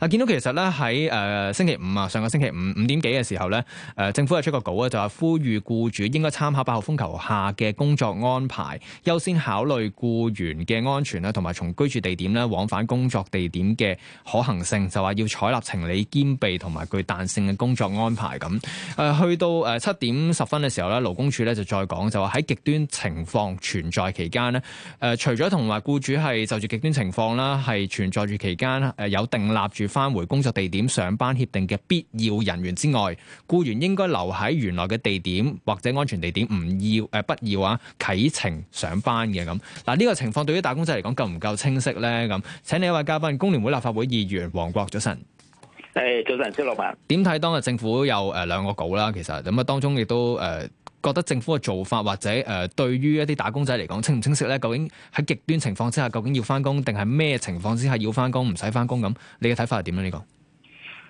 啊！見到其實咧，喺誒星期五啊，上個星期五五點幾嘅時候咧，誒政府係出個稿啊，就話呼籲僱主應該參考八號風球下嘅工作安排，優先考慮僱員嘅安全啦，同埋從居住地點咧往返工作地點嘅可行性，就話要採納情理兼備同埋具彈性嘅工作安排咁。誒去到誒七點十分嘅時候咧，勞工處咧就再講，就話喺極端情況存在期間咧，誒除咗同埋僱主係就住極端情況啦，係存在住期間誒有訂立住，返回工作地點上班協定嘅必要人員之外，僱員應該留喺原來嘅地點或者安全地點，唔要誒，不要啊啟程上班嘅咁。嗱、這、呢個情況對於打工仔嚟講夠唔夠清晰呢？咁，請你一位嘉賓，工聯會立法會議員黃國早晨。誒，早晨，張老闆。點睇當日政府有誒、呃、兩個稿啦？其實咁啊，當中亦都誒。呃覺得政府嘅做法或者誒、呃、對於一啲打工仔嚟講清唔清晰咧？究竟喺極端情況之下，究竟要翻工定係咩情況之下要翻工，唔使翻工咁？你嘅睇法係點樣？呢、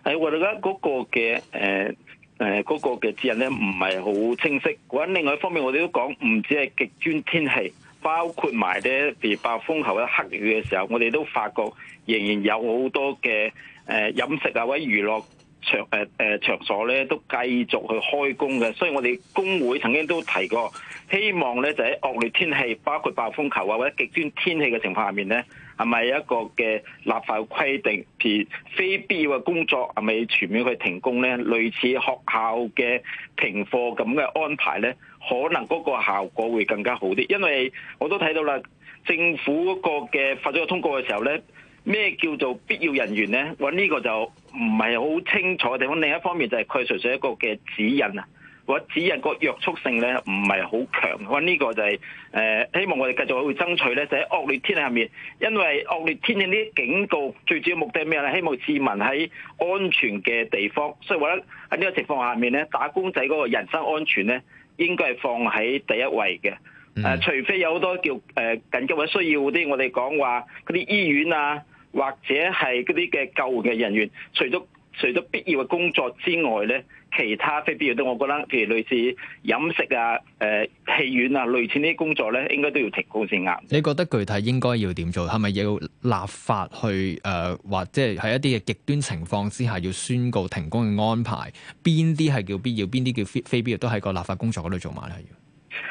呃、個喺我哋覺得嗰個嘅誒誒嗰個嘅指引咧，唔係好清晰喎，另外一方面我，我哋都講唔止係極端天氣，包括埋咧，譬如暴風後咧、黑雨嘅時候，我哋都發覺仍然有好多嘅誒飲食啊或者娛樂。場誒誒場所咧都繼續去開工嘅，所以我哋工會曾經都提過，希望咧就喺惡劣天氣，包括暴風球啊或者極端天氣嘅情況下面咧，係咪一個嘅立法規定，譬如非必要嘅工作係咪全面去停工咧？類似學校嘅停課咁嘅安排咧，可能嗰個效果會更加好啲，因為我都睇到啦，政府嗰個嘅法例通告嘅時候咧。咩叫做必要人員咧？搵呢個就唔係好清楚嘅地方。另一方面就係佢純粹一個嘅指引啊，或者指引個約束性咧唔係好強。搵呢個就係、是、誒、呃，希望我哋繼續去爭取咧，就喺、是、惡劣天氣下面，因為惡劣天氣呢啲警告最主要目的係咩咧？希望市民喺安全嘅地方。所以話咧喺呢個情況下面咧，打工仔嗰個人身安全咧，應該係放喺第一位嘅。誒、嗯，除非有好多叫誒緊、呃、急或者需要啲，我哋講話嗰啲醫院啊。或者係嗰啲嘅救援嘅人員，除咗除咗必要嘅工作之外咧，其他非必要都，我覺得譬如類似飲食啊、誒、呃、戲院啊，類似呢啲工作咧，應該都要停工先啱。你覺得具體應該要點做？係咪要立法去誒、呃，或者係喺一啲嘅極端情況之下，要宣告停工嘅安排？邊啲係叫必要，邊啲叫非必非必要，都喺個立法工作嗰度做埋咧要。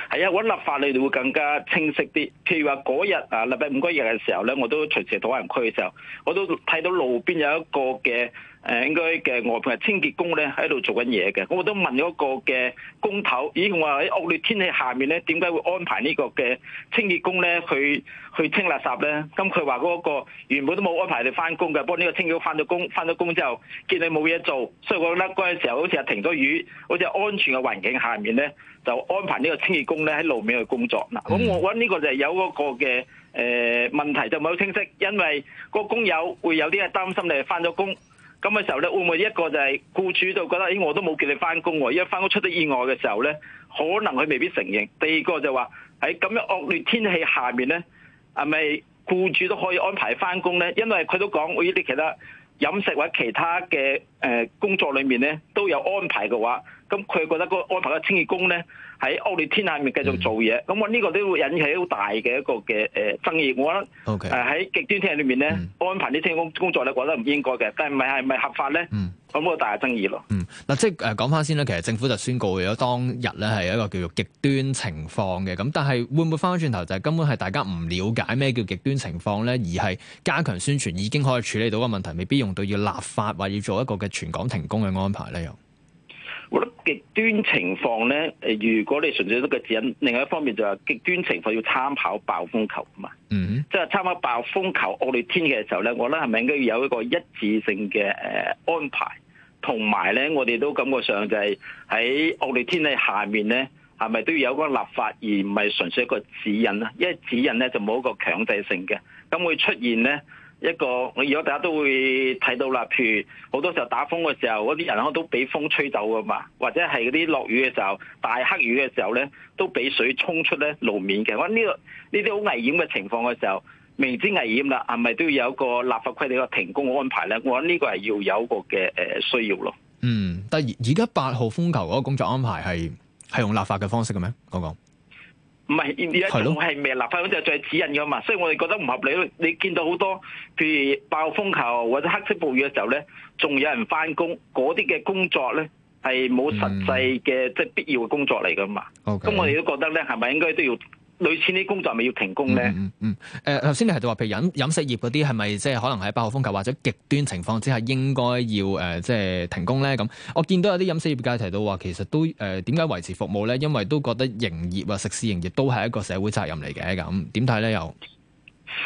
係啊，我立法你哋會更加清晰啲。譬如話嗰日啊，禮拜五嗰日嘅時候咧，我都隨時土人區嘅時候，我都睇到路邊有一個嘅。誒應該嘅外邊嘅清潔工咧喺度做緊嘢嘅，我都問嗰個嘅工頭，咦我話喺惡劣天氣下面咧，點解會安排呢個嘅清潔工咧去去清垃圾咧？咁佢話嗰個原本都冇安排你翻工嘅，不過呢個清潔工翻咗工，翻咗工之後見你冇嘢做，所以我覺得嗰陣時候好似係停咗雨，好似係安全嘅環境下面咧，就安排呢個清潔工咧喺路面去工作嗱。咁我覺得呢個就係有嗰個嘅誒、呃、問題就冇清晰，因為個工友會有啲係擔心你翻咗工。咁嘅時候咧，會唔會一個就係僱主就覺得，哎，我都冇叫你翻工喎，因為翻工出咗意外嘅時候咧，可能佢未必承認。第二個就話喺咁樣惡劣天氣下面咧，係咪僱主都可以安排翻工咧？因為佢都講，我呢啲其他，飲食或者其他嘅誒工作裏面咧，都有安排嘅話，咁佢覺得嗰個安排嘅清潔工咧，喺惡劣天下面繼續做嘢，咁我呢個都會引起好大嘅一個嘅誒爭議。我覺得誒喺極端天氣裏面咧，安排啲清潔工工作咧，覺得唔應該嘅，但係唔係係咪合法咧？嗯咁冇大，大爭議咯。嗯，嗱，即係誒講翻先啦。其實政府就宣告咗當日咧係一個叫做極端情況嘅，咁但係會唔會翻翻轉頭就係根本係大家唔了解咩叫極端情況咧，而係加強宣傳已經可以處理到個問題，未必用到要立法或要做一個嘅全港停工嘅安排咧？又我覺得極端情況咧，誒如果你純粹一個指引，另外一方面就係極端情況要參考暴風球嘛，嗯，即係參考暴風球惡劣天氣嘅時候咧，我覺得係咪應該要有一個一致性嘅誒安排，同埋咧我哋都感覺上就係喺惡劣天氣下面咧，係咪都要有個立法而唔係純粹一個指引啦，因為指引咧就冇一個強制性嘅，咁會出現咧。一個我如果大家都會睇到啦，譬如好多時候打風嘅時候，嗰啲人康都俾風吹走噶嘛，或者係嗰啲落雨嘅時候，大黑雨嘅時候咧，都俾水沖出咧路面嘅。我呢、呢個呢啲好危險嘅情況嘅時候，明知危險啦，係咪都要有一個立法規定一個停工嘅安排咧？我諗呢個係要有一個嘅誒需要咯。嗯，但而而家八號風球嗰個工作安排係係用立法嘅方式嘅咩？講講。唔係而家仲係未立法，嗰隻就係指引㗎嘛，所以我哋覺得唔合理。你見到好多譬如暴風球或者黑色暴雨嘅時候咧，仲有人返工，嗰啲嘅工作咧係冇實際嘅、嗯、即係必要嘅工作嚟㗎嘛。咁、okay. 我哋都覺得咧，係咪應該都要？類似啲工作係咪要停工咧？嗯嗯嗯。誒、嗯，頭先你提到話，譬如飲飲食業嗰啲係咪即係可能喺八號風球或者極端情況之下應該要誒、呃、即係停工咧？咁我見到有啲飲食業界提到話，其實都誒點解維持服務咧？因為都覺得營業啊、食肆營業都係一個社會責任嚟嘅。咁點睇咧？又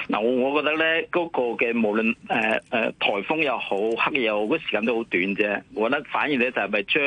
嗱，我覺得咧嗰、那個嘅無論誒誒、呃呃、颱風又好，黑夜又好，嗰、那個時間都好短啫。我覺得反而咧就係咪將？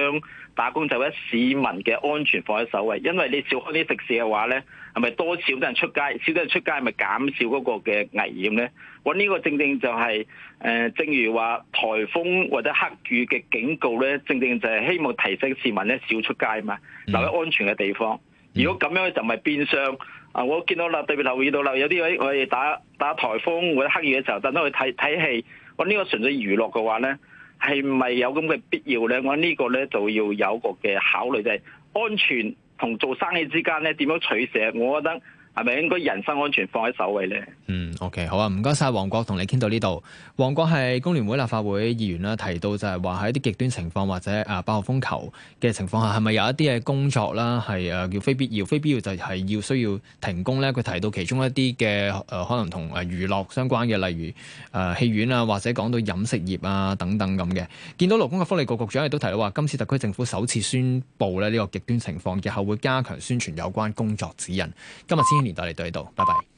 打工就畀市民嘅安全放喺首位，因為你少開啲食肆嘅話咧，係咪多少啲人出街？少啲人出街係咪減少嗰個嘅危險咧？我呢個正正就係、是、誒、呃，正如話颱風或者黑雨嘅警告咧，正正就係希望提醒市民咧少出街嘛，留喺安全嘅地方。如果咁樣就唔係變相啊！我見到啦，特別留意到啦，有啲位我哋打打颱風或者黑雨嘅時候，特登去睇睇戲。我呢個純粹娛樂嘅話咧。係唔係有咁嘅必要咧？我呢個咧就要有個嘅考慮，就係安全同做生意之間咧，點樣取捨？我覺得。係咪應該人身安全放喺首位呢？嗯，OK，好啊，唔該晒。黃國同你傾到呢度。黃國係工聯會立法會議員啦，提到就係話喺啲極端情況或者啊八號風球嘅情況下，係咪有一啲嘅工作啦係誒叫非必要？非必要就係要需要停工咧。佢提到其中一啲嘅誒可能同誒娛樂相關嘅，例如誒、啊、戲院啊，或者講到飲食業啊等等咁嘅。見到勞工及福利局局長亦都提到話，今次特區政府首次宣布咧呢個極端情況，日後會加強宣傳有關工作指引。今日先。年代你到喺度，拜拜。